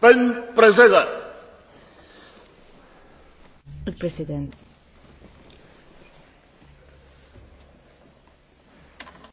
Pen President. Il-President.